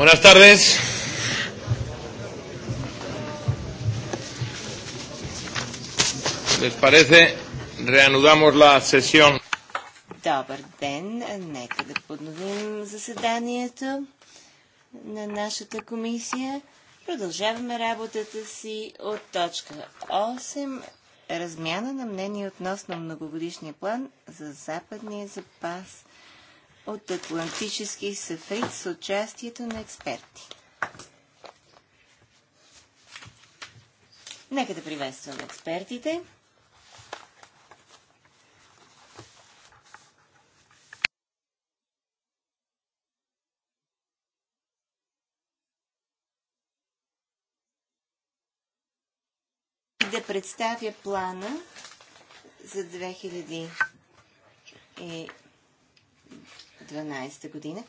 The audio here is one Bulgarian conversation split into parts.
Buenas tardes. ¿Les parece? Reanudamos la sesión. Добър ден! Нека да подновим заседанието на нашата комисия. Продължаваме работата си от точка 8. Размяна на мнение относно многогодишния план за западния запас – от Атлантически съфрит с участието на експерти. Нека да приветствам експертите. да представя плана за 2012 година.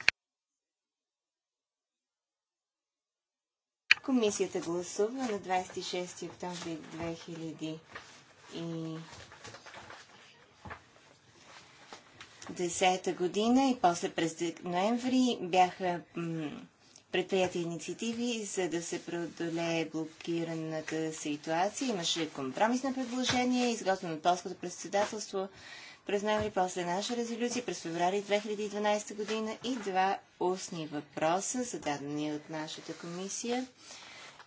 Комисията гласува на 26 октомври 2010 година и после през ноември бяха предприяти инициативи, за да се преодолее блокираната ситуация. Имаше компромисно предложение, изготвено от полското председателство през ноември после наша резолюция, през феврари 2012 година и два устни въпроса, зададени от нашата комисия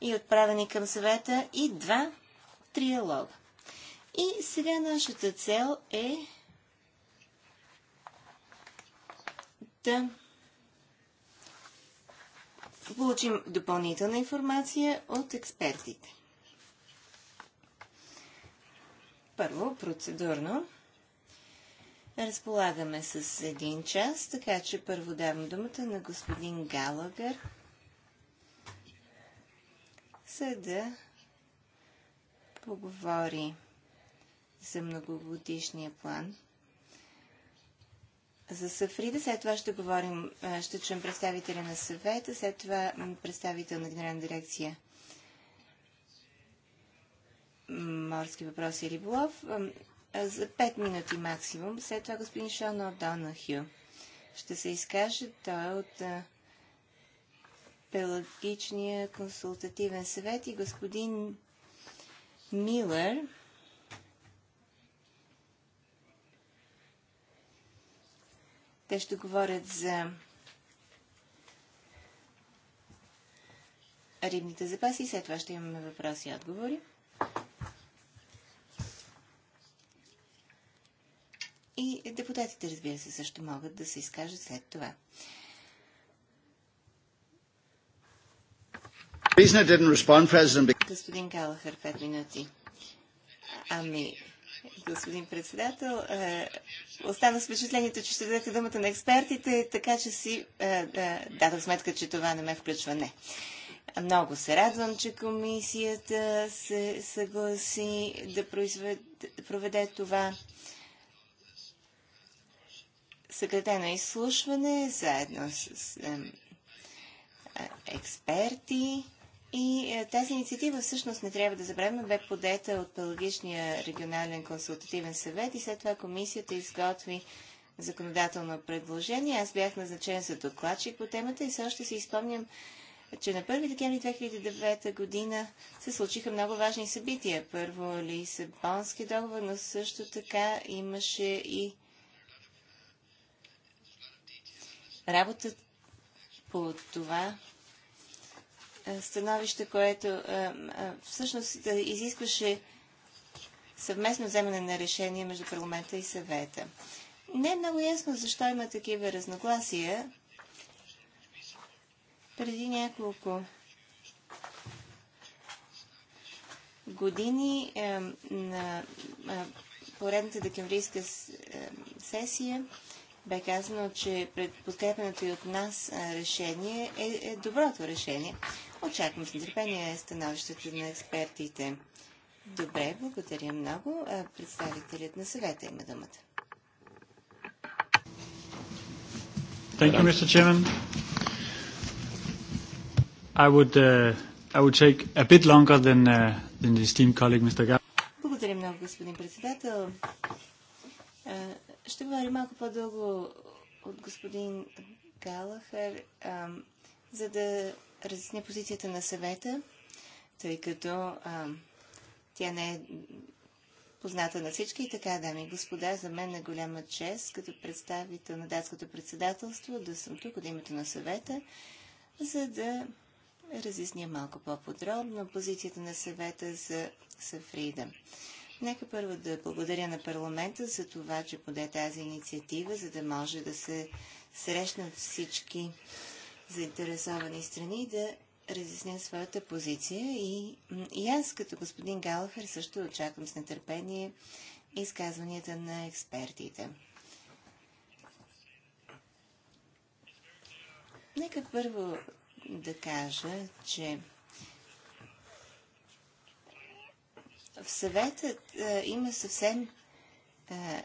и отправени към съвета и два триалога. И сега нашата цел е да получим допълнителна информация от експертите. Първо, процедурно. Разполагаме с един час, така че първо давам думата на господин Галагър, за да поговори за многогодишния план. За Сафрида, след това ще говорим, ще чуем представителя на съвета, след това представител на генерална дирекция морски въпроси и риболов за 5 минути максимум. След това господин Шон О'Донахю ще се изкаже. Той е от Пелагичния консултативен съвет и господин Милър Те ще говорят за рибните запаси и след това ще имаме въпроси и отговори. И депутатите, разбира се, също могат да се изкажат след това. Господин Калахър, 5 минути. Ами, господин председател, е, остана с впечатлението, че ще дадете думата на експертите, така че си е, дадох сметка, че това не ме включва. Не. Много се радвам, че комисията се съгласи да, да проведе това съкратено изслушване заедно с е, експерти. И е, тази инициатива всъщност не трябва да забравяме, бе подета от Пелагичния регионален консултативен съвет и след това комисията изготви законодателно предложение. Аз бях назначен за докладчик по темата и все още си изпомням, че на 1 декември 2009 година се случиха много важни събития. Първо Лисабонски договор, но също така имаше и работа по това е, становище, което е, е, всъщност изискваше съвместно вземане на решение между парламента и съвета. Не е много ясно защо има такива разногласия. Преди няколко години на поредната декемврийска сесия бе казано, че пред подкрепеното и от нас решение е, е доброто решение. Очаквам с нетърпение становището на експертите. Добре, благодаря много. Представителят на съвета има думата. Thank you, Mr. Chairman. I would, uh, I would take a bit longer than, uh, than the esteemed colleague, Mr. Gar- Благодаря много, господин председател. Е, ще говори малко по-дълго от господин Галахър, е, за да разясня позицията на съвета, тъй като е, тя не е позната на всички. И така, дами и господа, за мен е голяма чест като представител на датското председателство да съм тук от името на съвета, за да разясня малко по-подробно позицията на съвета за Сафрида. Нека първо да благодаря на парламента за това, че поде тази инициатива, за да може да се срещнат всички заинтересовани страни и да разясня своята позиция. И, и аз, като господин Галахър, също очаквам с нетърпение изказванията на експертите. Нека първо да кажа, че В съветът е, има съвсем е,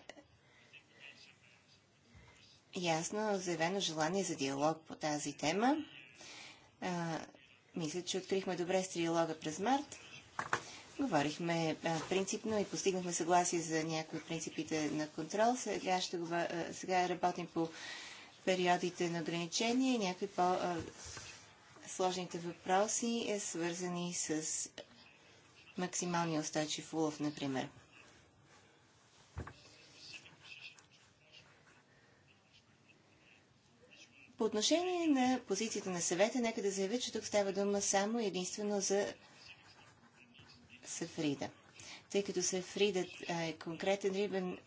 ясно заявено желание за диалог по тази тема. Е, мисля, че открихме добре с триалога през март. Говорихме е, принципно и постигнахме съгласие за някои от принципите на контрол. Сега, ще го, е, сега работим по периодите на ограничения и някои по-сложните е, въпроси, е свързани с максималния устойчив улов, например. По отношение на позицията на съвета, нека да заявя, че тук става дума само единствено за Сафрида. Тъй като Сафридът е конкретен рибен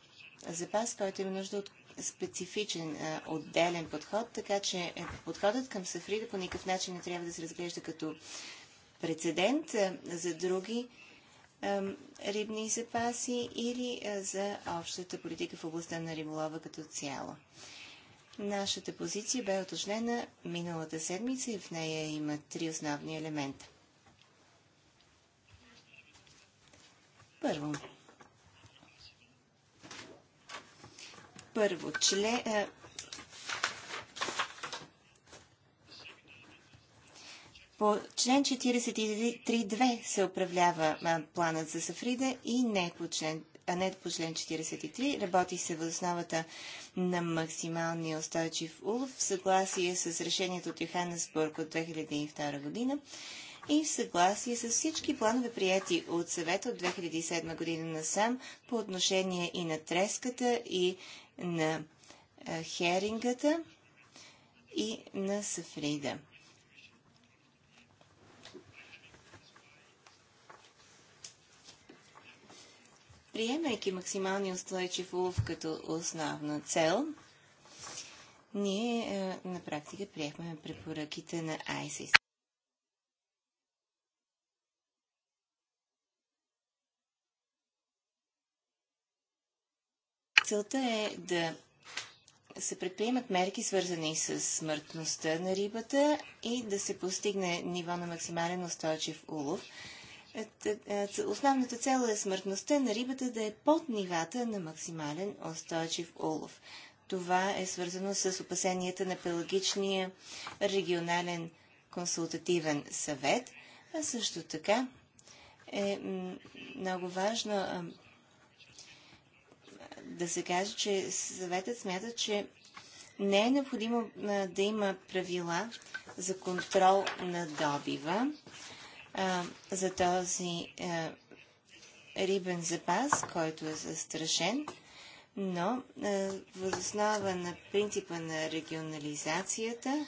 запас, който има нужда от специфичен, отделен подход, така че е, подходът към Сафрида по никакъв начин не трябва да се разглежда като прецедент за други рибни запаси или за общата политика в областта на риболова като цяло. Нашата позиция бе оточнена миналата седмица и в нея има три основни елемента. Първо. Първо, член, По член 43.2 се управлява планът за Сафрида и не по член а не по член 43. Работи се в основата на максималния устойчив улов в съгласие с решението от Йоханнесбург от 2002 година и в съгласие с всички планове прияти от съвета от 2007 година насам по отношение и на треската, и на херингата, и на сафрида. приемайки максималния устойчив улов като основна цел, ние е, на практика приехме препоръките на ISIS. Целта е да се предприемат мерки, свързани с смъртността на рибата и да се постигне ниво на максимален устойчив улов, е, е, е, основната цел е смъртността на рибата да е под нивата на максимален устойчив улов. Това е свързано с опасенията на пелагичния регионален консултативен съвет, а също така е много важно да се каже, че съветът смята, че не е необходимо да има правила за контрол на добива, за този рибен запас, който е застрашен, но а, възоснова на принципа на регионализацията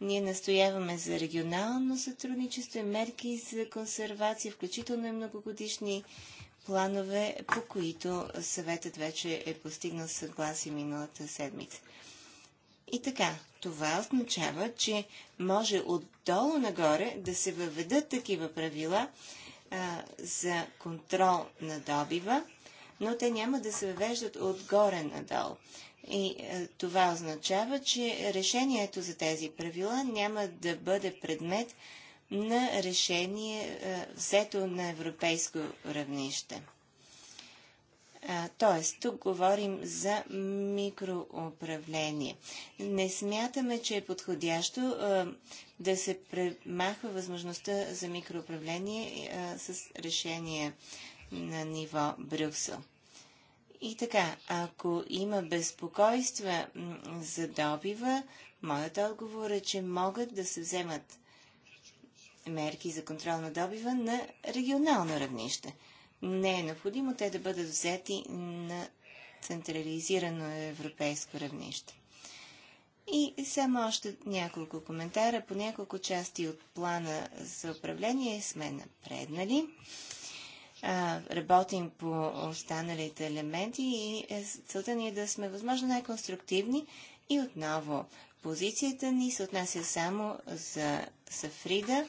ние настояваме за регионално сътрудничество и мерки за консервация, включително и многогодишни планове, по които съветът вече е постигнал съгласие миналата седмица. И така, това означава, че може отдолу нагоре да се въведат такива правила а, за контрол на добива, но те няма да се въвеждат отгоре надолу. И а, това означава, че решението за тези правила няма да бъде предмет на решение а, взето на европейско равнище. Тоест, тук говорим за микроуправление. Не смятаме, че е подходящо да се премахва възможността за микроуправление с решение на ниво Брюксел. И така, ако има безпокойства за добива, моят отговор е, че могат да се вземат мерки за контрол на добива на регионално равнище не е необходимо те да бъдат взети на централизирано европейско равнище. И само още няколко коментара по няколко части от плана за управление сме напреднали. А, работим по останалите елементи и е целта ни е да сме възможно най-конструктивни и отново позицията ни се отнася само за Сафрида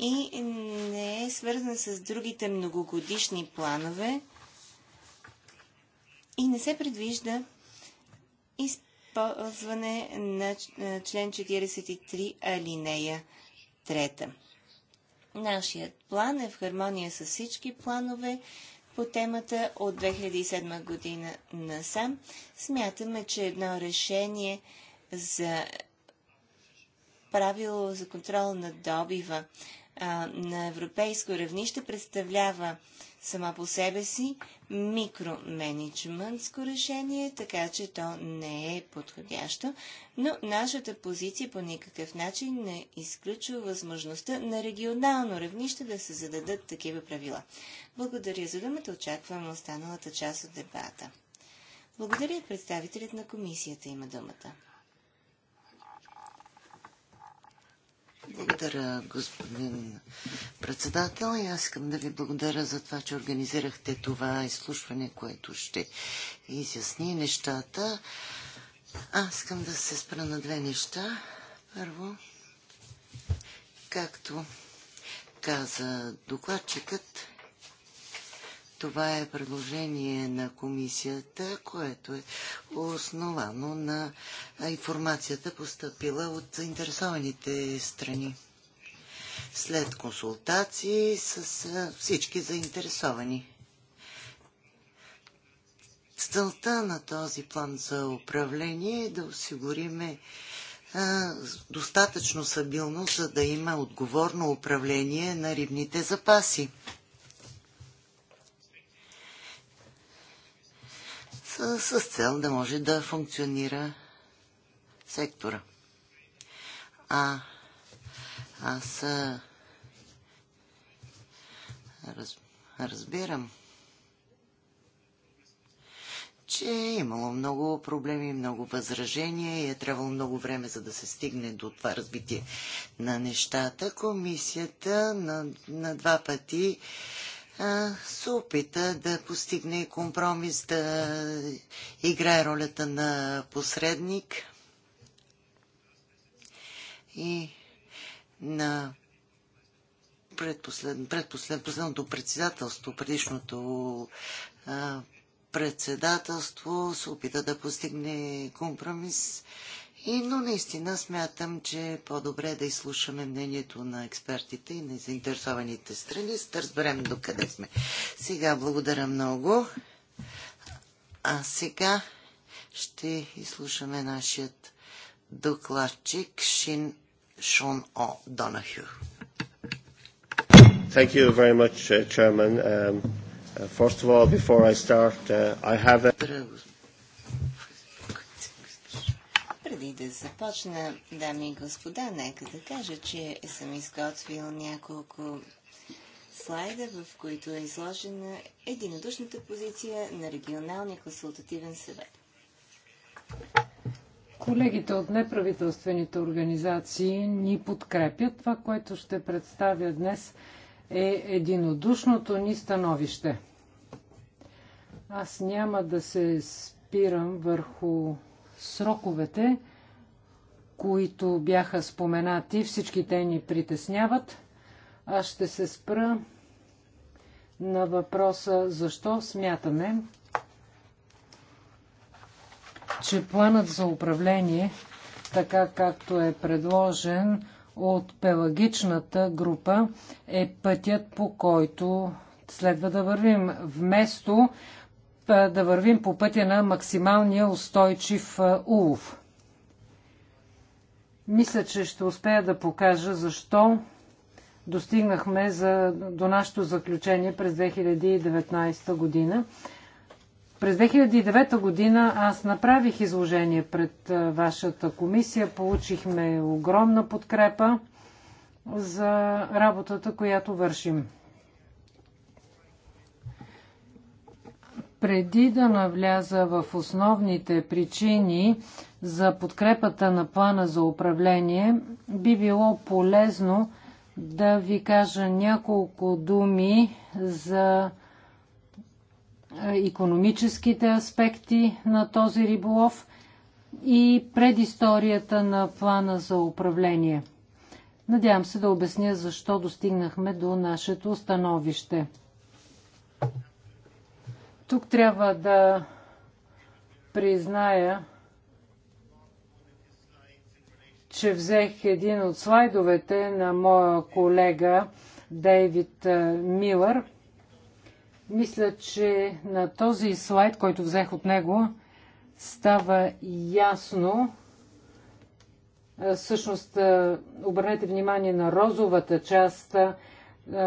и не е свързан с другите многогодишни планове и не се предвижда използване на член 43 алинея 3. Нашият план е в хармония с всички планове по темата от 2007 година насам. Смятаме, че едно решение за правило за контрол на добива на европейско равнище представлява сама по себе си микроменеджментско решение, така че то не е подходящо, но нашата позиция по никакъв начин не изключва възможността на регионално равнище да се зададат такива правила. Благодаря за думата, очаквам останалата част от дебата. Благодаря, представителят на комисията има думата. Благодаря, господин председател. И аз искам да ви благодаря за това, че организирахте това изслушване, което ще изясни нещата. Аз искам да се спра на две неща. Първо, както каза докладчикът, това е предложение на комисията, което е основано на информацията поступила от заинтересованите страни. След консултации с всички заинтересовани. Целта на този план за управление е да осигуриме достатъчно събилно, за да има отговорно управление на рибните запаси. с, с цел да може да функционира сектора. А аз раз, разбирам, че е имало много проблеми, много възражения и е трябвало много време, за да се стигне до това разбитие на нещата. Комисията на, на два пъти се опита да постигне компромис, да играе ролята на посредник и на предпослед, предпослед, последното председателство, предишното а, председателство се опита да постигне компромис и, но наистина смятам, че е по-добре да изслушаме мнението на експертите и на заинтересованите страни, за да разберем докъде сме. Сега благодаря много. А сега ще изслушаме нашият докладчик Шин Шон О. Донахю. Thank you very much, uh, Chairman. Um, uh, first of all, before I start, uh, I have a... Преди да започна, дами и господа, нека да кажа, че съм изготвил няколко слайда, в които е изложена единодушната позиция на регионалния консултативен съвет. Колегите от неправителствените организации ни подкрепят. Това, което ще представя днес е единодушното ни становище. Аз няма да се спирам върху сроковете, които бяха споменати. Всички те ни притесняват. Аз ще се спра на въпроса защо смятаме, че планът за управление, така както е предложен от пелагичната група, е пътят по който следва да вървим, вместо да вървим по пътя на максималния устойчив улов. Мисля, че ще успея да покажа защо достигнахме за, до нашето заключение през 2019 година. През 2009 година аз направих изложение пред вашата комисия, получихме огромна подкрепа за работата, която вършим. Преди да навляза в основните причини за подкрепата на плана за управление, би било полезно да ви кажа няколко думи за економическите аспекти на този риболов и предисторията на плана за управление. Надявам се да обясня защо достигнахме до нашето становище. Тук трябва да призная, че взех един от слайдовете на моя колега Дейвид Милър. Мисля, че на този слайд, който взех от него, става ясно. Всъщност, обърнете внимание на розовата част е,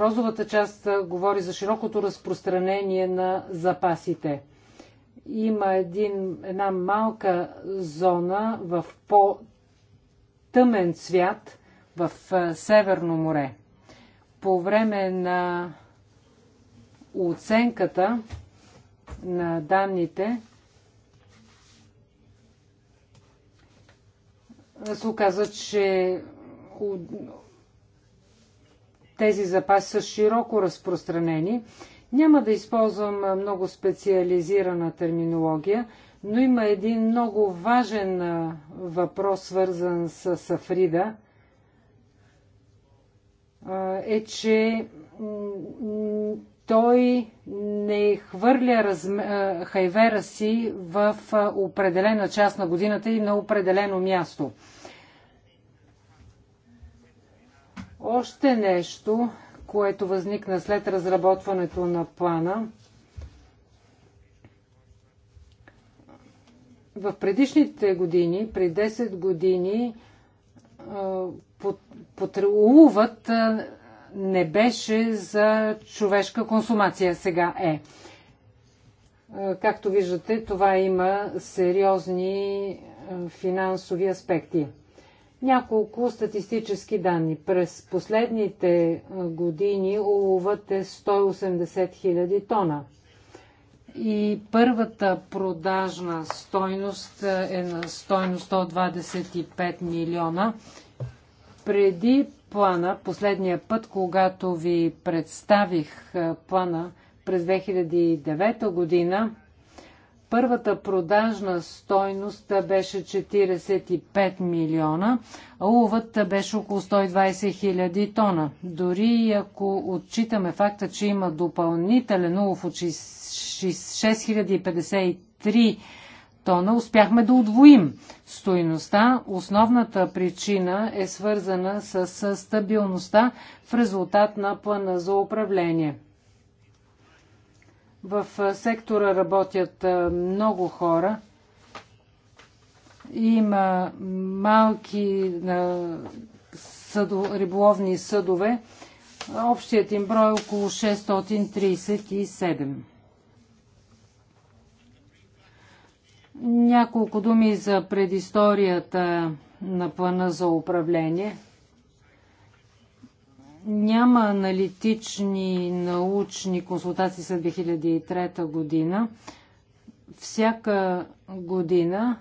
розовата част е, говори за широкото разпространение на запасите. Има един, една малка зона в по-тъмен цвят в е, Северно море. По време на оценката на данните се оказа, че тези запаси са широко разпространени. Няма да използвам много специализирана терминология, но има един много важен въпрос, свързан с Африда, е, че той не хвърля разм... хайвера си в определена част на годината и на определено място. Още нещо, което възникна след разработването на плана. В предишните години, при 10 години, потрелуват не беше за човешка консумация, сега е. Както виждате, това има сериозни финансови аспекти. Няколко статистически данни. През последните години уловът е 180 000 тона. И първата продажна стойност е на стойност 125 милиона. Преди плана, последния път, когато ви представих плана през 2009 година, Първата продажна стойност беше 45 милиона, а уловът беше около 120 хиляди тона. Дори ако отчитаме факта, че има допълнителен улов от 6053 тона, успяхме да удвоим стойността. Основната причина е свързана с стабилността в резултат на плана за управление. В сектора работят много хора. Има малки съдо, риболовни съдове. Общият им брой е около 637. Няколко думи за предисторията на плана за управление – няма аналитични научни консултации след 2003 година. Всяка година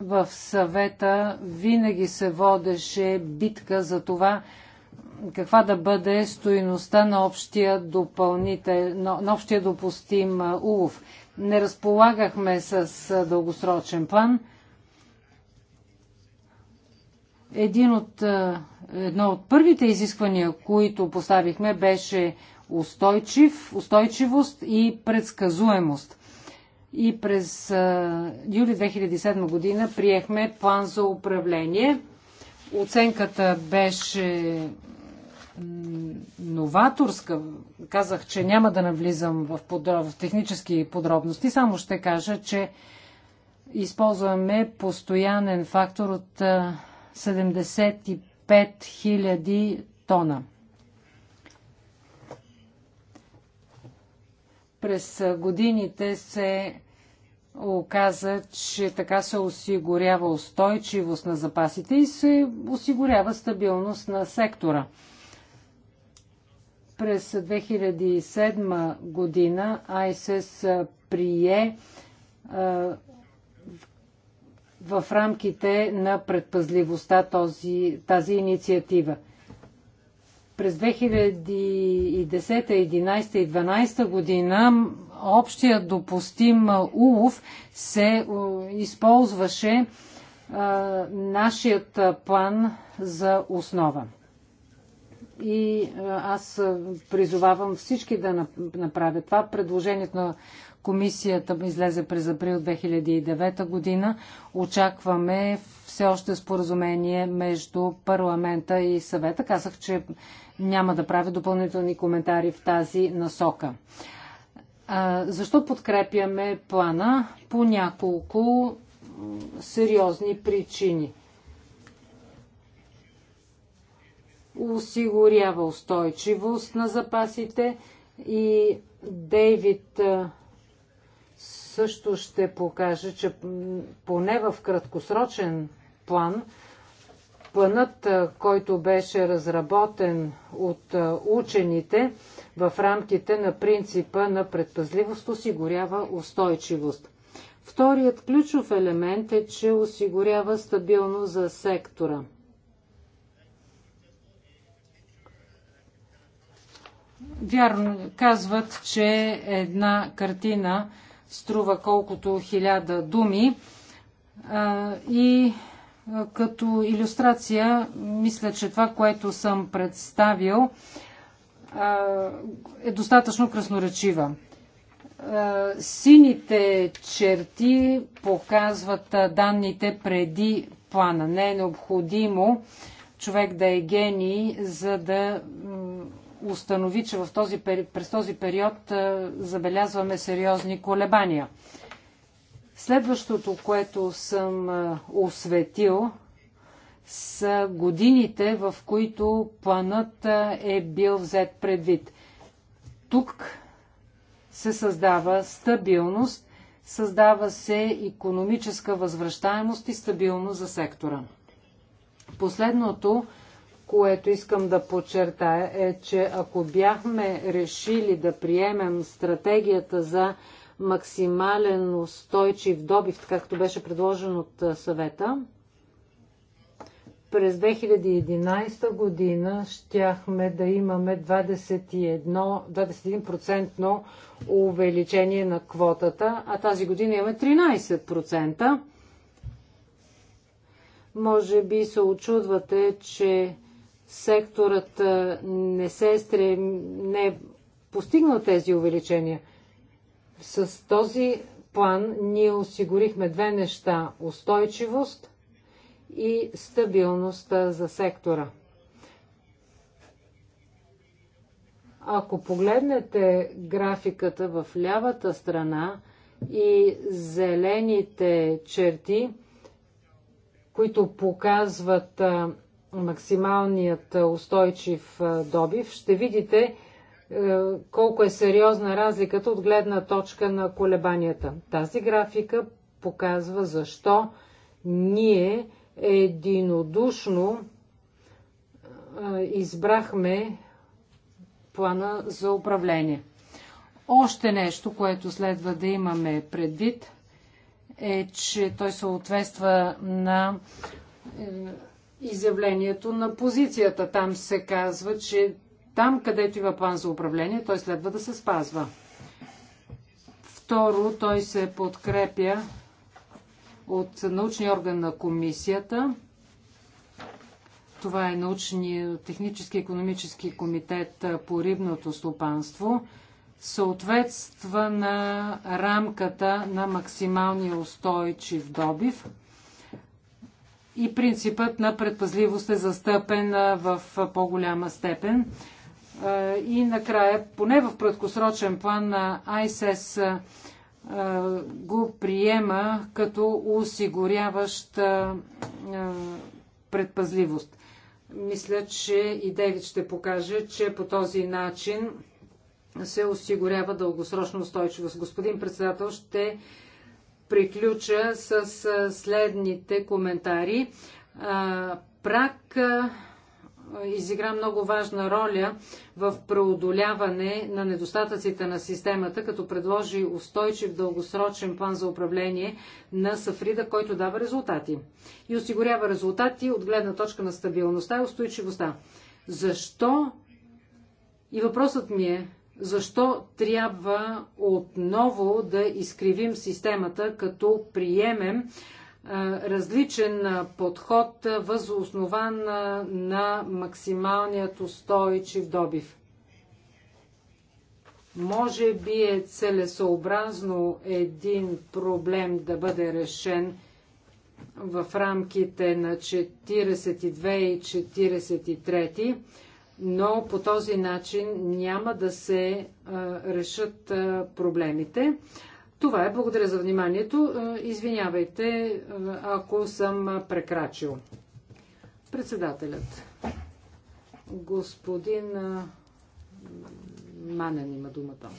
в съвета винаги се водеше битка за това каква да бъде стоиността на общия, допълнител, на общия допустим улов. Не разполагахме с дългосрочен план – един от, е, едно от първите изисквания, които поставихме, беше устойчив, устойчивост и предсказуемост. И през е, юли 2007 година приехме план за управление. Оценката беше новаторска. Казах, че няма да навлизам в, подроб... в технически подробности, само ще кажа, че използваме постоянен фактор от е, 75 000 тона. През годините се оказа, че така се осигурява устойчивост на запасите и се осигурява стабилност на сектора. През 2007 година ISIS прие в рамките на предпазливостта този, тази инициатива. През 2010, 2011 и 2012 година общия допустим улов се е, използваше а, е, нашият план за основа. И е, аз призовавам всички да направят това. Предложението на Комисията излезе през април 2009 година. Очакваме все още споразумение между парламента и съвета. Казах, че няма да правя допълнителни коментари в тази насока. Защо подкрепяме плана? По няколко сериозни причини. Осигурява устойчивост на запасите и Дейвид също ще покаже, че поне в краткосрочен план, планът, който беше разработен от учените в рамките на принципа на предпазливост, осигурява устойчивост. Вторият ключов елемент е, че осигурява стабилност за сектора. Вярно, казват, че една картина струва колкото хиляда думи. И като иллюстрация, мисля, че това, което съм представил, е достатъчно красноречива. Сините черти показват данните преди плана. Не е необходимо човек да е гений, за да установи, че в този, през този период забелязваме сериозни колебания. Следващото, което съм осветил, са годините, в които планът е бил взет предвид. Тук се създава стабилност, създава се економическа възвръщаемост и стабилност за сектора. Последното което искам да подчертая е, че ако бяхме решили да приемем стратегията за максимален устойчив добив, както беше предложен от съвета, през 2011 година щяхме да имаме 21, 21% увеличение на квотата, а тази година имаме 13%. Може би се очудвате, че секторът не се стрем, не е постигнал тези увеличения. С този план ние осигурихме две неща – устойчивост и стабилност за сектора. Ако погледнете графиката в лявата страна и зелените черти, които показват максималният устойчив добив, ще видите е, колко е сериозна разликата от гледна точка на колебанията. Тази графика показва защо ние единодушно избрахме плана за управление. Още нещо, което следва да имаме предвид, е, че той съответства на е, изявлението на позицията. Там се казва, че там, където има план за управление, той следва да се спазва. Второ, той се подкрепя от научния орган на комисията. Това е научния технически и економически комитет по рибното стопанство. Съответства на рамката на максималния устойчив добив – и принципът на предпазливост е застъпен в по-голяма степен. И накрая, поне в краткосрочен план, ISS го приема като осигуряващ предпазливост. Мисля, че и Девид ще покаже, че по този начин се осигурява дългосрочна устойчивост. Господин председател, ще приключа с следните коментари. Прак изигра много важна роля в преодоляване на недостатъците на системата, като предложи устойчив дългосрочен план за управление на Сафрида, който дава резултати и осигурява резултати от гледна точка на стабилността и устойчивостта. Защо? И въпросът ми е, защо трябва отново да изкривим системата, като приемем различен подход, възоснован на максималният устойчив добив? Може би е целесообразно един проблем да бъде решен в рамките на 42 и 43 но по този начин няма да се решат проблемите. Това е. Благодаря за вниманието. Извинявайте, ако съм прекрачил. Председателят. Господин Манен има думата.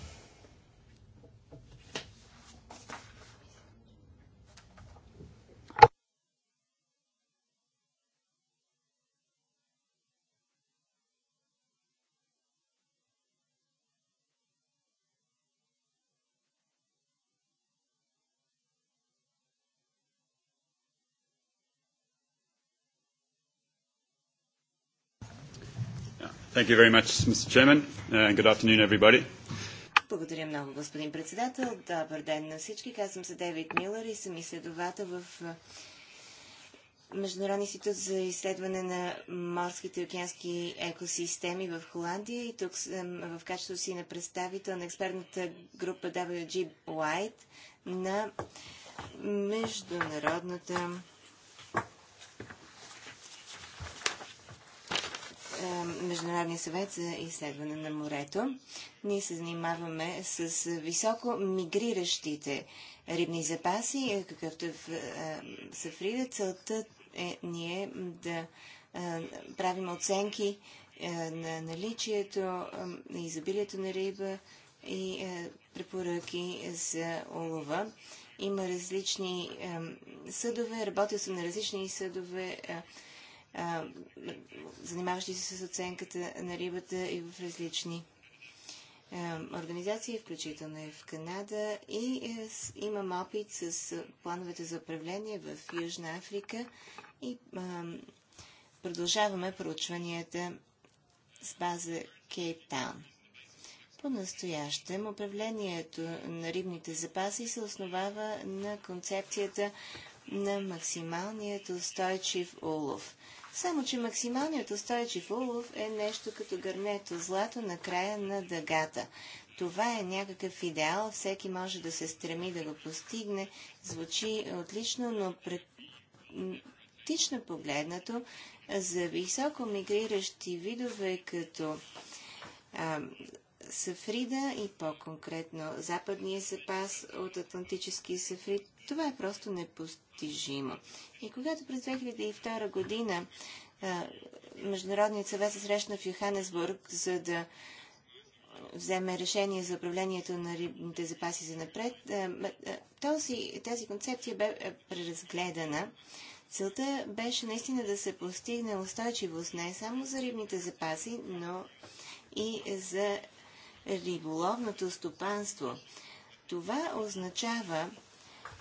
Thank you very much, Mr. Chairman. good afternoon, everybody. Благодаря много, господин председател. Добър ден на всички. Казвам се Дейвид Милър и съм изследовател в е, Международния институт за изследване на морските и океански екосистеми в Холандия и тук съм в качеството си на представител на експертната група WG White на Международната Е, Международния съвет за изследване на морето. Ние се занимаваме с високо мигриращите рибни запаси, е, какъвто е в е, Сафрида. Целта е ние да правим оценки на наличието на изобилието на риба и препоръки за улова. Има различни съдове, работи съм на различни съдове, занимаващи се с оценката на рибата и в различни организации, включително и в Канада. И имам опит с плановете за управление в Южна Африка и продължаваме проучванията с база Кейптаун. По-настоящем управлението на рибните запаси се основава на концепцията на максималният устойчив улов. Само, че максималният устойчив улов е нещо като гърнето злато на края на дъгата. Това е някакъв идеал, всеки може да се стреми да го постигне. Звучи отлично, но практично погледнато за високо мигриращи видове като а, сафрида и по-конкретно западния запас от Атлантически сафрид. Това е просто непостижимо. И когато през 2002 година Международният съвет се срещна в Йоханесбург, за да вземе решение за управлението на рибните запаси за напред, този, тази концепция бе е, преразгледана. Целта беше наистина да се постигне устойчивост не само за рибните запаси, но и за риболовното стопанство. Това означава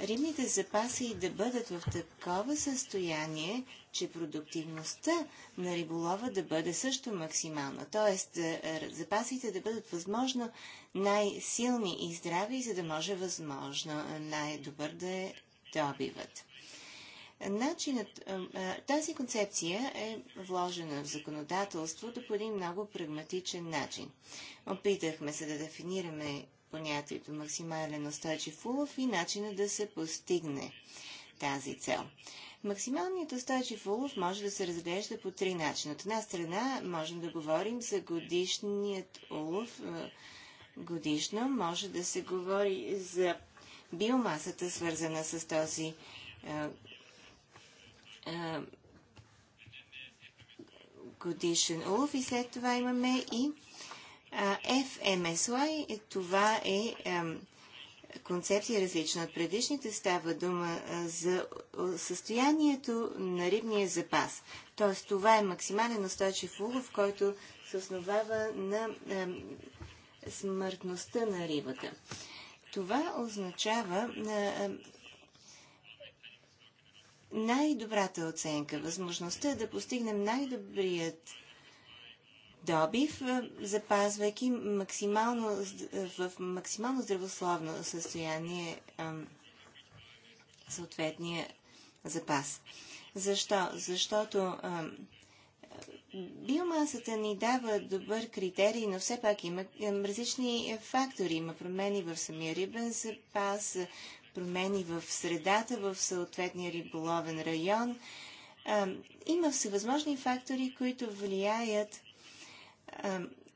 рибните запаси да бъдат в такова състояние, че продуктивността на риболова да бъде също максимална. Тоест, е, е, запасите да бъдат възможно най-силни и здрави, за да може възможно е, най-добър да е добиват. Начинът, тази концепция е вложена в законодателството по един много прагматичен начин. Опитахме се да дефинираме понятието максимален устойчив улов и начина да се постигне тази цел. Максималният устойчив улов може да се разглежда по три начина. От една страна можем да говорим за годишният улов. Годишно може да се говори за биомасата, свързана с този е, годишен улов и след това имаме и FMSY. Е, това е, е концепция различна от предишните. Става дума за състоянието на рибния запас. Тоест това е максимален устойчив улов, който се основава на смъртността на рибата. Това означава най-добрата оценка, възможността да постигнем най-добрият добив, запазвайки максимално, в максимално здравословно състояние съответния запас. Защо? Защото биомасата ни дава добър критерий, но все пак има различни фактори. Има промени в самия рибен запас, промени в средата, в съответния риболовен район. има всевъзможни фактори, които влияят,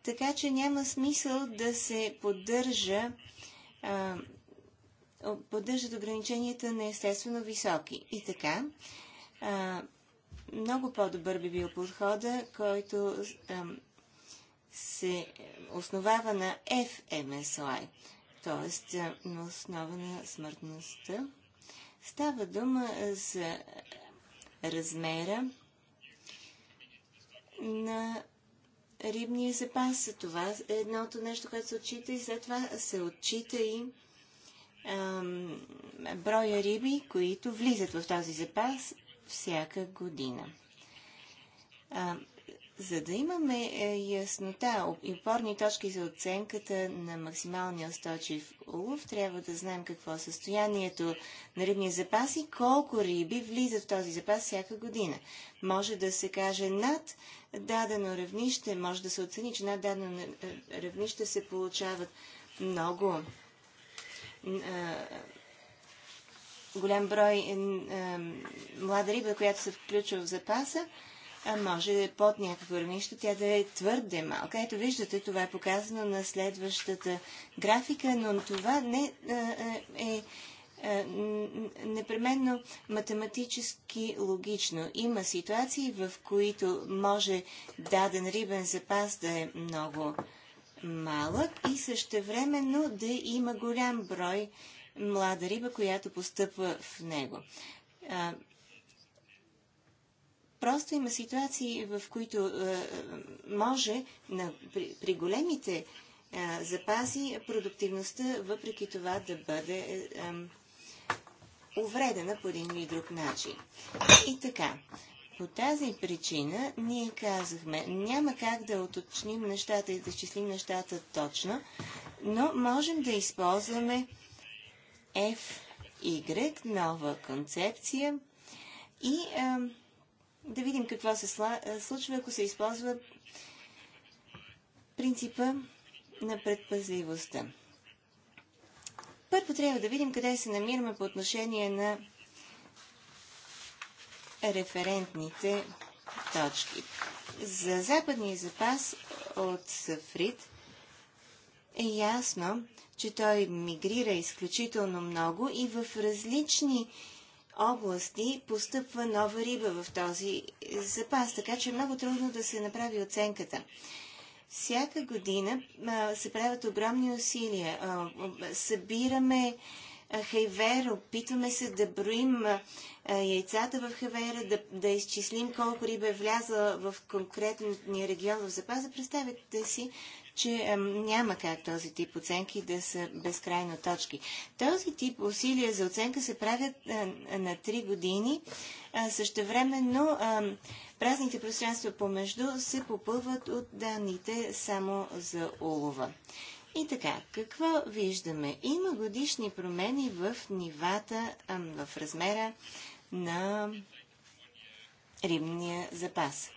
така че няма смисъл да се поддържа поддържат ограниченията на естествено високи. И така, много по-добър би бил подхода, който се основава на FMSOI т.е. на основа на смъртността. Става дума за размера на рибния запас. Това е едното нещо, което се отчита и след това се отчита и ам, броя риби, които влизат в този запас всяка година. За да имаме е, яснота и опорни точки за оценката на максималния устойчив улов, трябва да знаем какво е състоянието на рибни запаси, колко риби влизат в този запас всяка година. Може да се каже над дадено равнище, може да се оцени, че над дадено равнище се получават много голям брой млада риба, която се включва в запаса може под някакво равнище тя да е твърде малка. Ето виждате, това е показано на следващата графика, но това не е непременно математически логично. Има ситуации, в които може даден рибен запас да е много малък и същевременно да има голям брой млада риба, която постъпва в него. Просто има ситуации, в които е, е, може на, при, при големите е, запази продуктивността въпреки това да бъде е, е, увредена по един или друг начин. И така, по тази причина ние казахме, няма как да уточним нещата и да изчислим нещата точно, но можем да използваме FY, нова концепция и а, е, да видим какво се е, случва, ако се използва принципа на предпазливостта. Първо трябва да видим къде се намираме по отношение на референтните точки. За западния запас от Сафрит е ясно, че той мигрира изключително много и в различни области постъпва нова риба в този запас, така че е много трудно да се направи оценката. Всяка година а, се правят огромни усилия. А, събираме хайвер, опитваме се да броим а, яйцата в хайвера, да, да изчислим колко риба е влязла в конкретния регион в запаса. Представете си че няма как този тип оценки да са безкрайно точки. Този тип усилия за оценка се правят на 3 години. А, същевременно но празните пространства помежду се попълват от данните само за улова. И така, какво виждаме? Има годишни промени в нивата, в размера на рибния запас.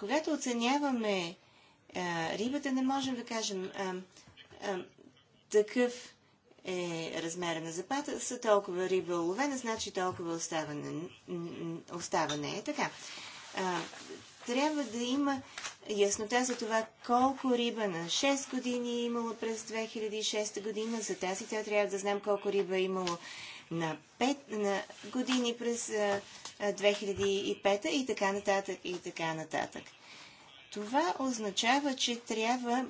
Когато оценяваме рибата, не можем да кажем а, а, такъв е размера на запата, са толкова риба уловена, значи толкова оставане, оставане е така. А, трябва да има яснота за това колко риба на 6 години е имало през 2006 година. За тази тя трябва да знам колко риба е имало на 5 на години през 2005 и така нататък и така нататък. Това означава, че трябва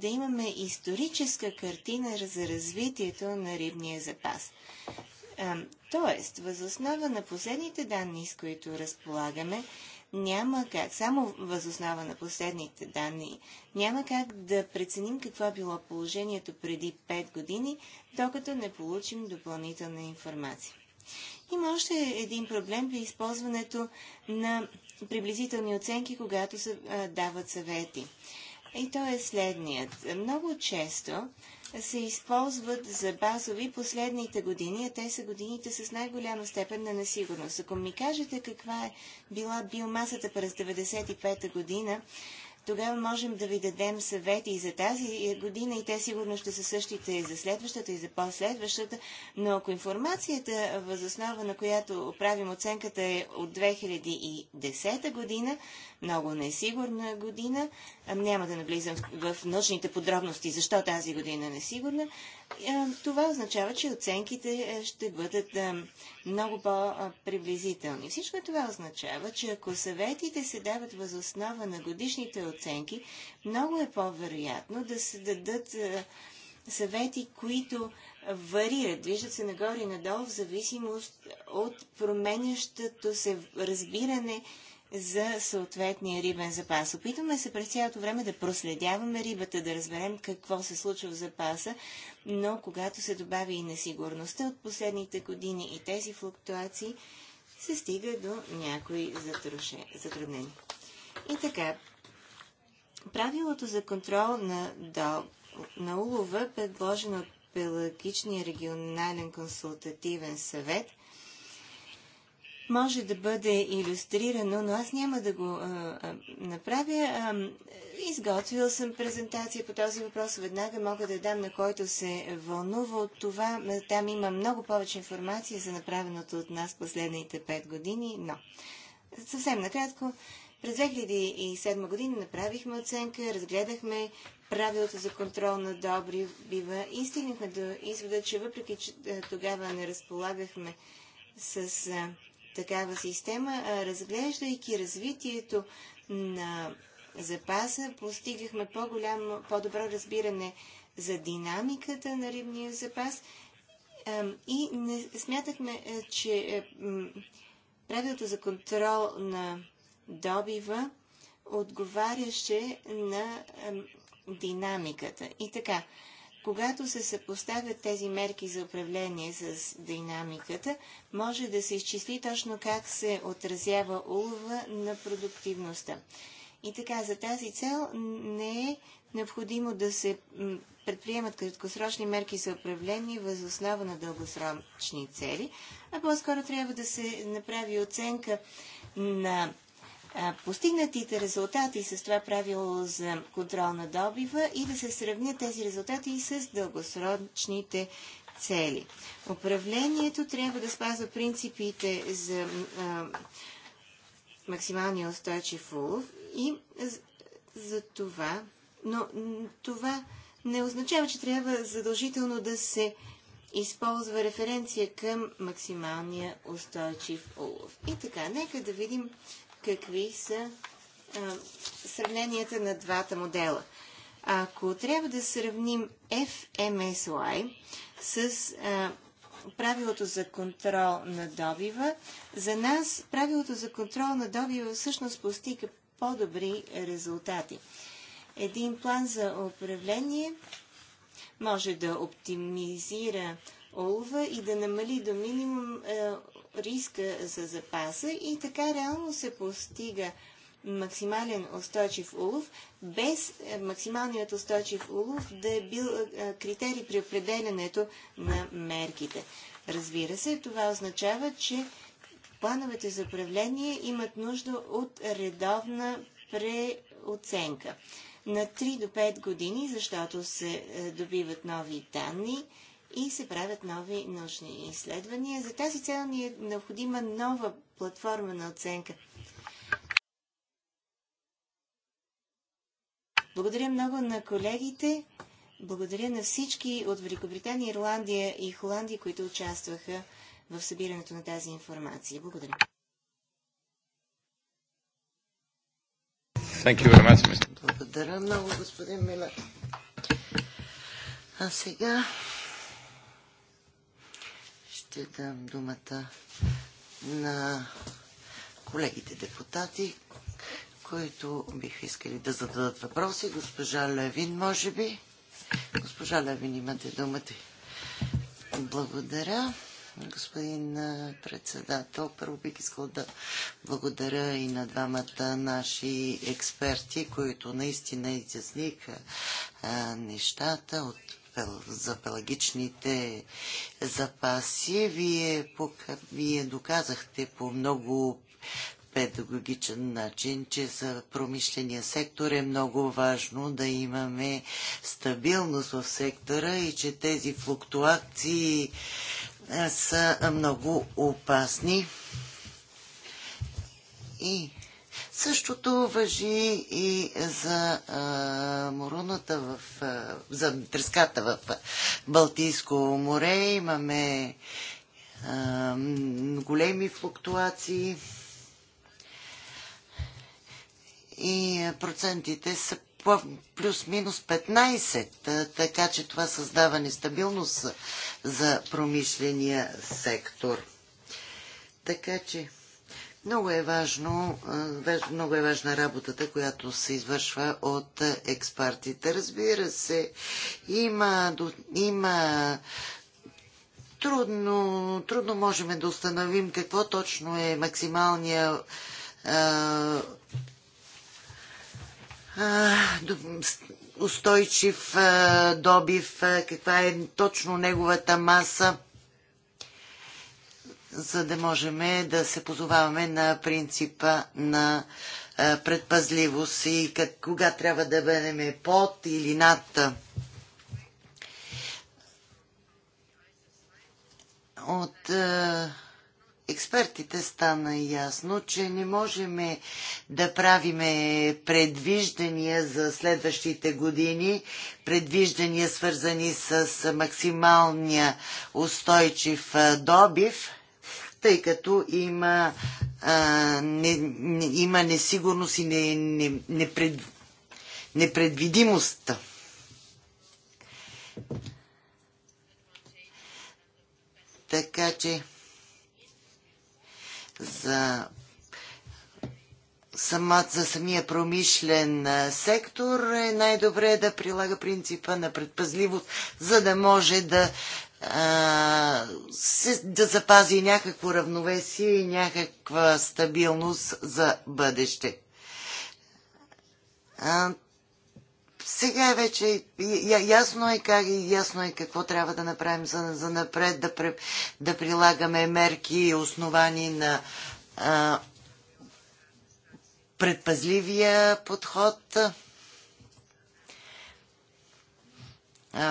да имаме историческа картина за развитието на рибния запас. тоест, възоснова на последните данни, с които разполагаме, няма как, само възоснова на последните данни, няма как да преценим какво е било положението преди 5 години, докато не получим допълнителна информация. Има още един проблем при използването на приблизителни оценки, когато се дават съвети. И то е следният. Много често се използват за базови последните години, а те са годините с най-голяма степен на несигурност. Ако ми кажете каква е била биомасата през 1995 година, тогава можем да ви дадем съвети и за тази година и те сигурно ще са същите и за следващата и за последващата, но ако информацията възоснова на която правим оценката е от 2010 година, много несигурна е година. Няма да навлизам в научните подробности защо тази година е несигурна. Това означава, че оценките е, ще бъдат много по-приблизителни. Всичко това означава, че ако съветите се дават възоснова на годишните оценки, много е по-вероятно да се дадат е, съвети, които варират, движат се нагоре и надолу в зависимост от променящото се разбиране за съответния рибен запас. Опитваме се през цялото време да проследяваме рибата, да разберем какво се случва в запаса, но когато се добави и несигурността от последните години и тези флуктуации, се стига до някои затруднения. И така, правилото за контрол на, дол, на улова, предложено от Пелагичния регионален консултативен съвет – може да бъде иллюстрирано, но аз няма да го а, направя. А, изготвил съм презентация по този въпрос. Веднага мога да дам на който се вълнува от това. Там има много повече информация за направеното от нас последните пет години, но съвсем накратко. През 2007 година направихме оценка, разгледахме правилото за контрол на добри бива и стигнахме до извода, че въпреки, че тогава не разполагахме с такава система, разглеждайки развитието на запаса, постигахме по-голямо, по-добро разбиране за динамиката на рибния запас и не смятахме, че е, правилото за контрол на добива отговаряше на динамиката. И така, когато се съпоставят тези мерки за управление с динамиката, може да се изчисли точно как се отразява улова на продуктивността. И така, за тази цел не е необходимо да се предприемат краткосрочни мерки за управление въз основа на дългосрочни цели, а по-скоро трябва да се направи оценка на постигнатите резултати с това правило за контрол на добива и да се сравнят тези резултати и с дългосрочните цели. Управлението трябва да спазва принципите за а, максималния устойчив улов и за, за това, но това не означава, че трябва задължително да се използва референция към максималния устойчив улов. И така, нека да видим какви са а, сравненията на двата модела. Ако трябва да сравним FMSY с а, правилото за контрол на добива, за нас правилото за контрол на добива всъщност постига по-добри резултати. Един план за управление може да оптимизира олова и да намали до минимум е, риска за запаса и така реално се постига максимален устойчив улов, без е, максималният устойчив улов да е бил е, критерий при определенето на мерките. Разбира се, това означава, че плановете за управление имат нужда от редовна преоценка на 3 до 5 години, защото се е, добиват нови данни и се правят нови научни изследвания. За тази цел ни е необходима нова платформа на оценка. Благодаря много на колегите. Благодаря на всички от Великобритания, Ирландия и Холандия, които участваха в събирането на тази информация. Благодаря. Much, Благодаря много, господин Милер. А сега ще дам думата на колегите депутати, които биха искали да зададат въпроси. Госпожа Левин, може би. Госпожа Левин, имате думата. Благодаря. Господин председател, първо бих искал да благодаря и на двамата наши експерти, които наистина изясниха нещата от за пелагичните запаси. Вие, пока, вие доказахте по много педагогичен начин, че за промишления сектор е много важно да имаме стабилност в сектора и че тези флуктуации са много опасни. И Същото въжи и за а, муруната в, а, за треската в Балтийско море. Имаме а, големи флуктуации и процентите са плюс-минус 15, така че това създава нестабилност за промишления сектор. Така че много е, важно, много е важна работата, която се извършва от експертите. Разбира се, има, има трудно, трудно можем да установим какво точно е максималния устойчив добив, каква е точно неговата маса за да можем да се позоваваме на принципа на предпазливост и как, кога трябва да бъдем под или над от е, експертите стана ясно, че не можем да правиме предвиждания за следващите години, предвиждания свързани с максималния устойчив добив – тъй като има, а, не, не, има несигурност и не, не, пред, непредвидимост. Така че за сама, за самия промишлен сектор е най-добре да прилага принципа на предпазливост, за да може да а, се, да запази някакво равновесие и някаква стабилност за бъдеще. А, сега вече я, ясно е как и ясно е какво трябва да направим за, за напред, да, пре, да прилагаме мерки и основани на а, предпазливия подход, а,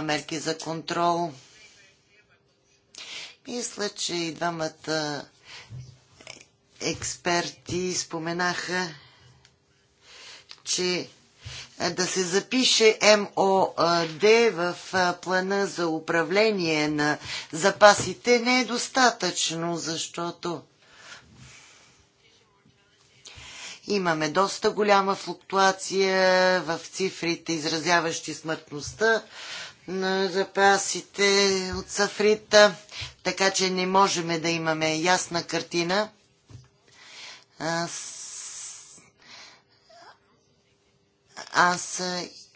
мерки за контрол. Мисля, че и двамата експерти споменаха, че да се запише МОД в плана за управление на запасите не е достатъчно, защото имаме доста голяма флуктуация в цифрите, изразяващи смъртността на запасите от сафрита така че не можем да имаме ясна картина. Аз, аз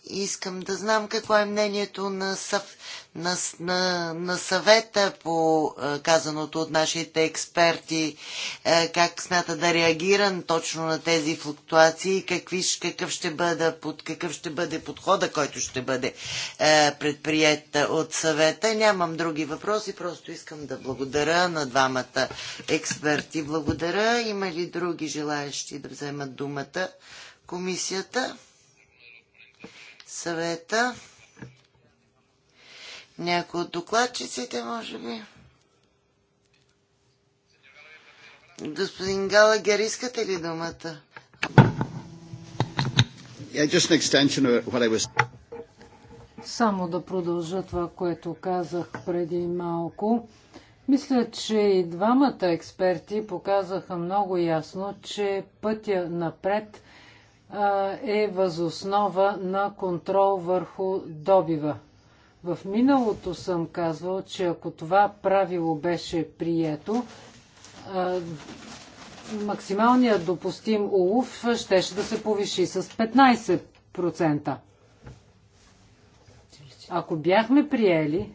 искам да знам какво е мнението на САФ, на, на, на съвета по е, казаното от нашите експерти, е, как смята да реагира точно на тези флуктуации, какви, какъв, ще бъде, под, какъв ще бъде подхода, който ще бъде е, предприят от съвета. Нямам други въпроси, просто искам да благодаря на двамата експерти. Благодаря. Има ли други желаящи да вземат думата? Комисията? Съвета? Някои от докладчиците, може би. Господин Галагер, искате ли думата? Yeah, Само да продължа това, което казах преди малко. Мисля, че и двамата експерти показаха много ясно, че пътя напред е възоснова на контрол върху добива. В миналото съм казвал, че ако това правило беше прието, максималният допустим улов щеше да се повиши с 15%. Ако бяхме приели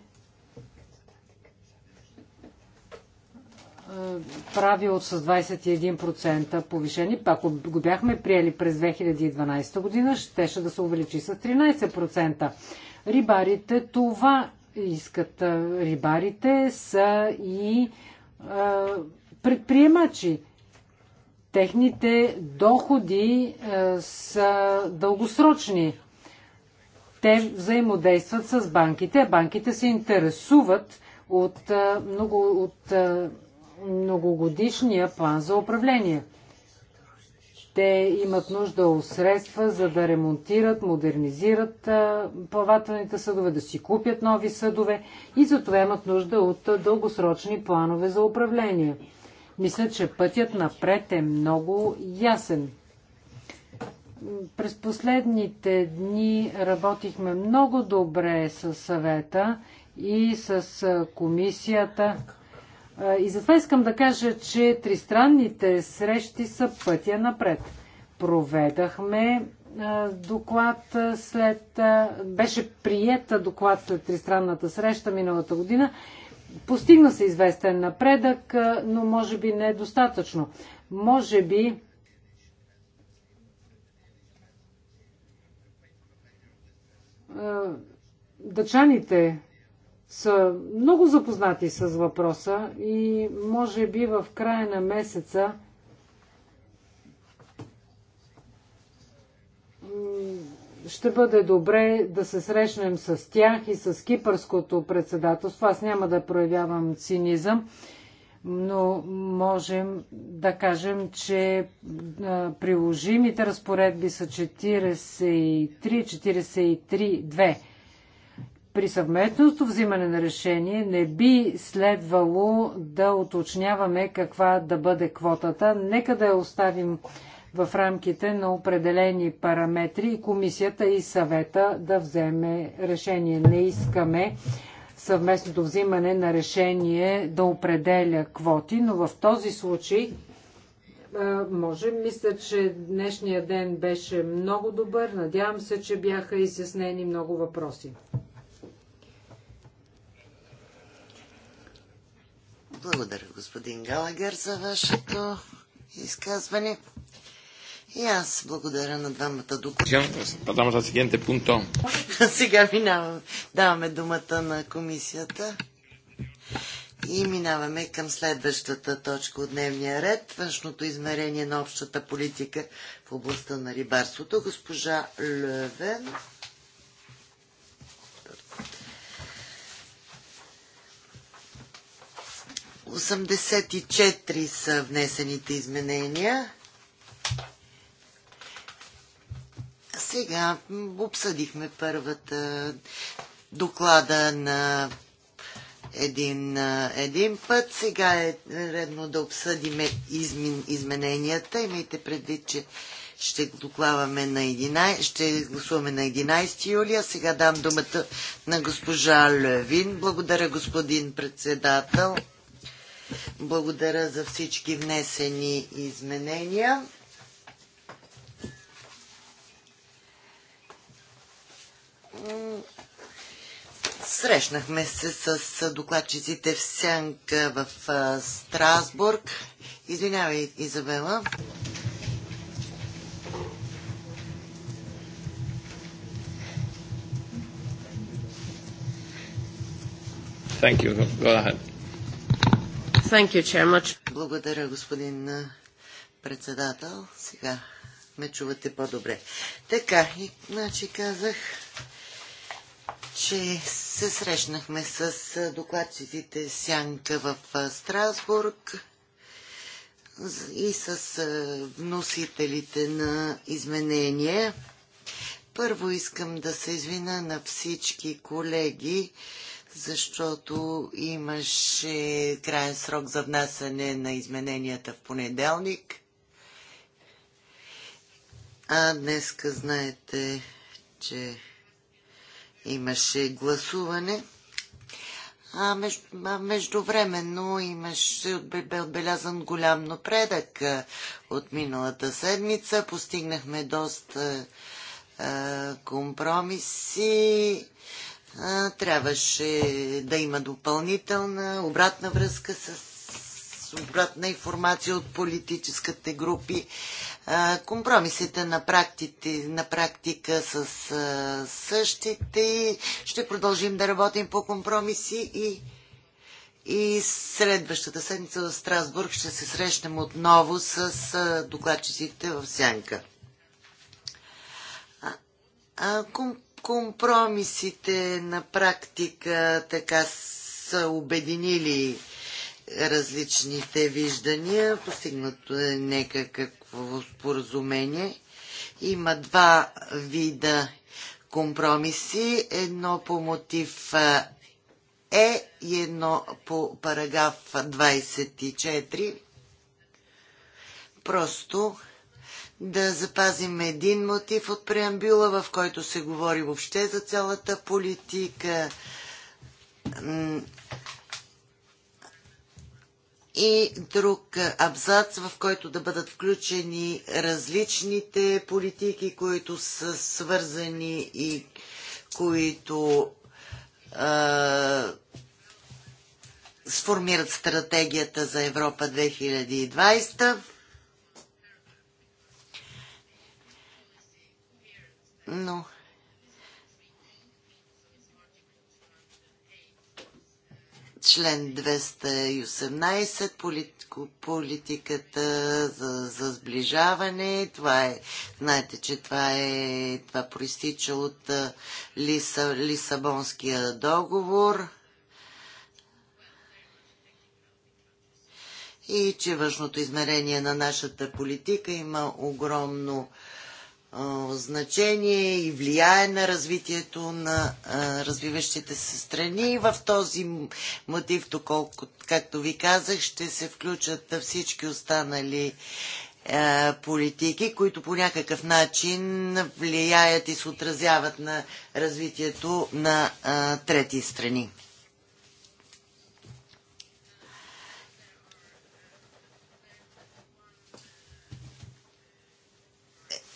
правило с 21% повишени, ако го бяхме приели през 2012 година, щеше да се увеличи с 13%. Рибарите това искат. Рибарите са и а, предприемачи. Техните доходи а, са дългосрочни. Те взаимодействат с банките. а Банките се интересуват от, а, много, от а, многогодишния план за управление – те имат нужда от средства, за да ремонтират, модернизират плавателните съдове, да си купят нови съдове и затова имат нужда от дългосрочни планове за управление. Мисля, че пътят напред е много ясен. През последните дни работихме много добре с съвета и с комисията и затова искам да кажа, че тристранните срещи са пътя напред. Проведахме доклад след... Беше приета доклад след тристранната среща миналата година. Постигна се известен напредък, но може би не е достатъчно. Може би дъчаните са много запознати с въпроса и може би в края на месеца ще бъде добре да се срещнем с тях и с кипърското председателство. Аз няма да проявявам цинизъм, но можем да кажем, че приложимите разпоредби са 43-43-2 при съвместното взимане на решение не би следвало да уточняваме каква да бъде квотата. Нека да я оставим в рамките на определени параметри и комисията и съвета да вземе решение. Не искаме съвместното взимане на решение да определя квоти, но в този случай може. Мисля, че днешния ден беше много добър. Надявам се, че бяха изяснени много въпроси. Благодаря, господин Галагер, за вашето изказване. И аз благодаря на двамата докладчика. Сега минавам. Даваме думата на комисията. И минаваме към следващата точка от дневния ред. Външното измерение на общата политика в областта на рибарството. Госпожа Левен. 84 са внесените изменения. Сега обсъдихме първата доклада на един, един път. Сега е редно да обсъдиме измен, измененията. Имайте предвид, че ще, докладваме на 11, ще гласуваме на 11 юли. А сега дам думата на госпожа Левин. Благодаря, господин председател. Благодаря за всички внесени изменения. Срещнахме се с докладчиците в Сянка в Страсбург. Извинявай, Изабела. Thank you. Go ahead. Thank you, chair, Благодаря, господин председател. Сега ме чувате по-добре. Така, и, значи казах, че се срещнахме с докладчиците Сянка в Страсбург и с вносителите на изменения. Първо искам да се извина на всички колеги, защото имаше крайен срок за внасяне на измененията в понеделник. А днеска знаете, че имаше гласуване. А, между, междувременно имаше, бе отбелязан голям напредък от миналата седмица. Постигнахме доста а, компромиси. А, трябваше да има допълнителна обратна връзка с обратна информация от политическите групи. Компромисите на, практите, на практика с същите. Ще продължим да работим по компромиси и, и следващата седмица в Страсбург ще се срещнем отново с докладчиците в Сянка. А, а, компромисите на практика така са обединили различните виждания. Постигнато е някакво споразумение. Има два вида компромиси. Едно по мотив Е и едно по параграф 24. Просто да запазим един мотив от преамбюла, в който се говори въобще за цялата политика и друг абзац, в който да бъдат включени различните политики, които са свързани и които а, сформират стратегията за Европа 2020. Но член 218, политико, политиката за, за сближаване. Това е, знаете, че това е, това проистича от Лиса, Лисабонския договор. И че външното измерение на нашата политика има огромно значение и влияе на развитието на развиващите се страни. И в този мотив, доколко, както ви казах, ще се включат всички останали политики, които по някакъв начин влияят и се отразяват на развитието на трети страни.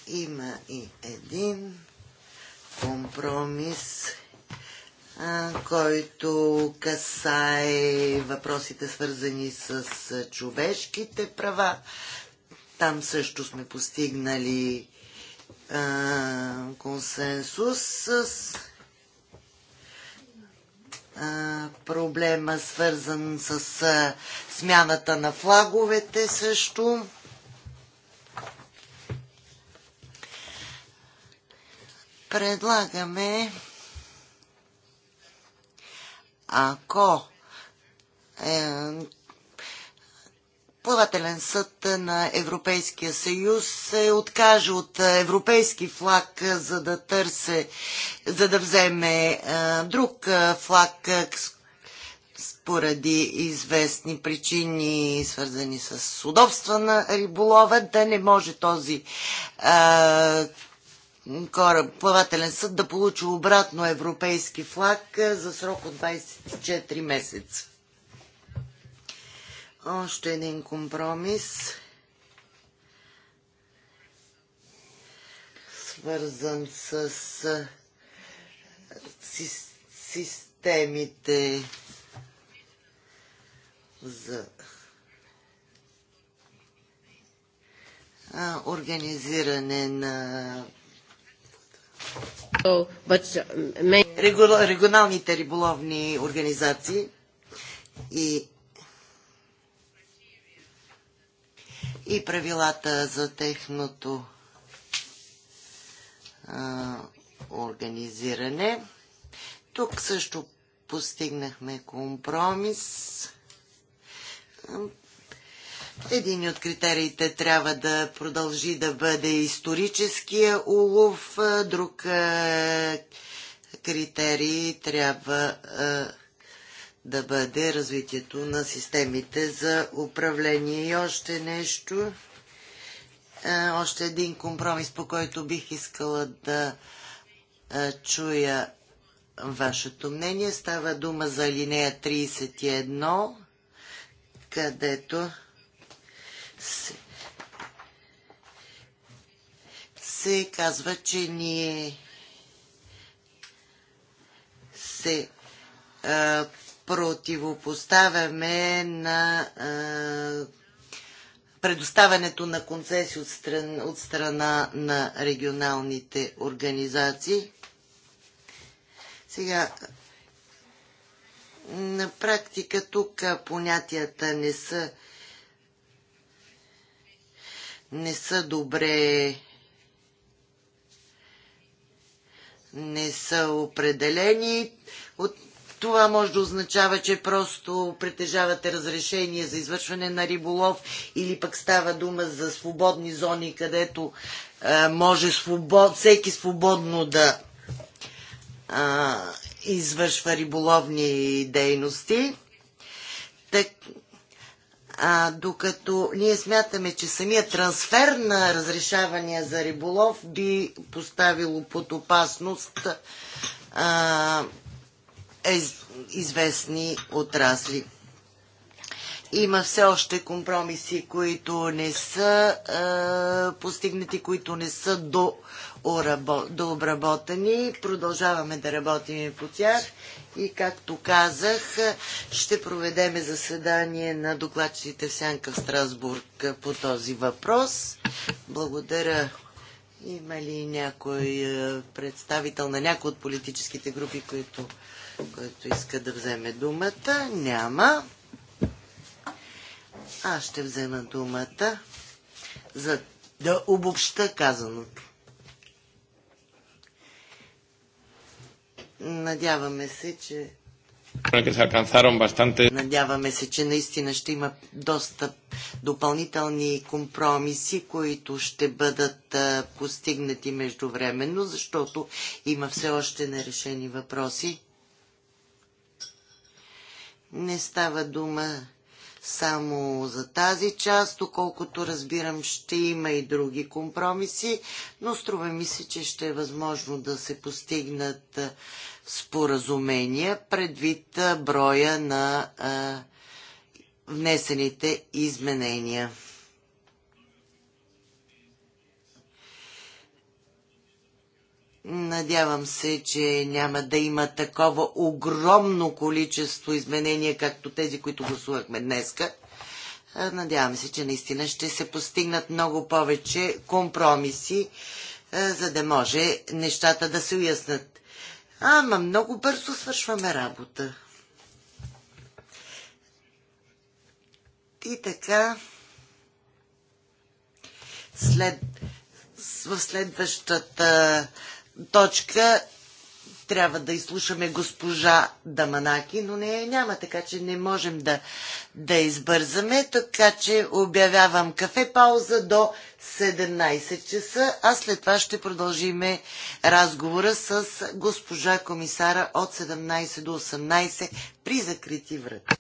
Има и един компромис, който касае въпросите свързани с човешките права. Там също сме постигнали а, консенсус с а, проблема свързан с а, смяната на флаговете също. Предлагаме, ако е, плавателен съд на Европейския съюз се откаже от европейски флаг, за да търсе, за да вземе е, друг а, е, флаг е, поради известни причини, свързани с удобства на риболова, да не може този е, кораб, плавателен съд да получи обратно европейски флаг е, за срок от 24 месеца. Още един компромис. Свързан с е, системите за организиране на Uh, регионалните риболовни организации и, и правилата за техното а, организиране. Тук също постигнахме компромис един от критериите трябва да продължи да бъде историческия улов, друг критерий трябва да бъде развитието на системите за управление. И още нещо, още един компромис, по който бих искала да чуя вашето мнение. Става дума за линия 31, където се, се казва, че ние се а, противопоставяме на а, предоставянето на концесии от, стран, от страна на регионалните организации. Сега, на практика тук понятията не са не са добре не са определени. От това може да означава, че просто притежавате разрешение за извършване на риболов или пък става дума за свободни зони, където а, може свобод, всеки свободно да а, извършва риболовни дейности. Так, а, докато ние смятаме, че самия трансфер на разрешавания за риболов би поставило под опасност а, из, известни отрасли. Има все още компромиси, които не са а, постигнати, които не са до дообработени. Продължаваме да работим по тях и, както казах, ще проведеме заседание на докладчите в Сянка в Страсбург по този въпрос. Благодаря. Има ли някой е, представител на някой от политическите групи, който, който иска да вземе думата? Няма. Аз ще взема думата за да обобща казаното. Надяваме се, че Надяваме се, че наистина ще има доста допълнителни компромиси, които ще бъдат постигнати междувременно, защото има все още нерешени въпроси. Не става дума само за тази част. Доколкото разбирам, ще има и други компромиси, но струва ми се, че ще е възможно да се постигнат споразумения предвид броя на внесените изменения. Надявам се, че няма да има такова огромно количество изменения, както тези, които гласувахме днеска. Надявам се, че наистина ще се постигнат много повече компромиси, за да може нещата да се уяснат. Ама много бързо свършваме работа. И така, след, в следващата точка трябва да изслушаме госпожа Даманаки, но не, няма, така че не можем да, да избързаме, така че обявявам кафе пауза до 17 часа, а след това ще продължиме разговора с госпожа комисара от 17 до 18 при закрити врати.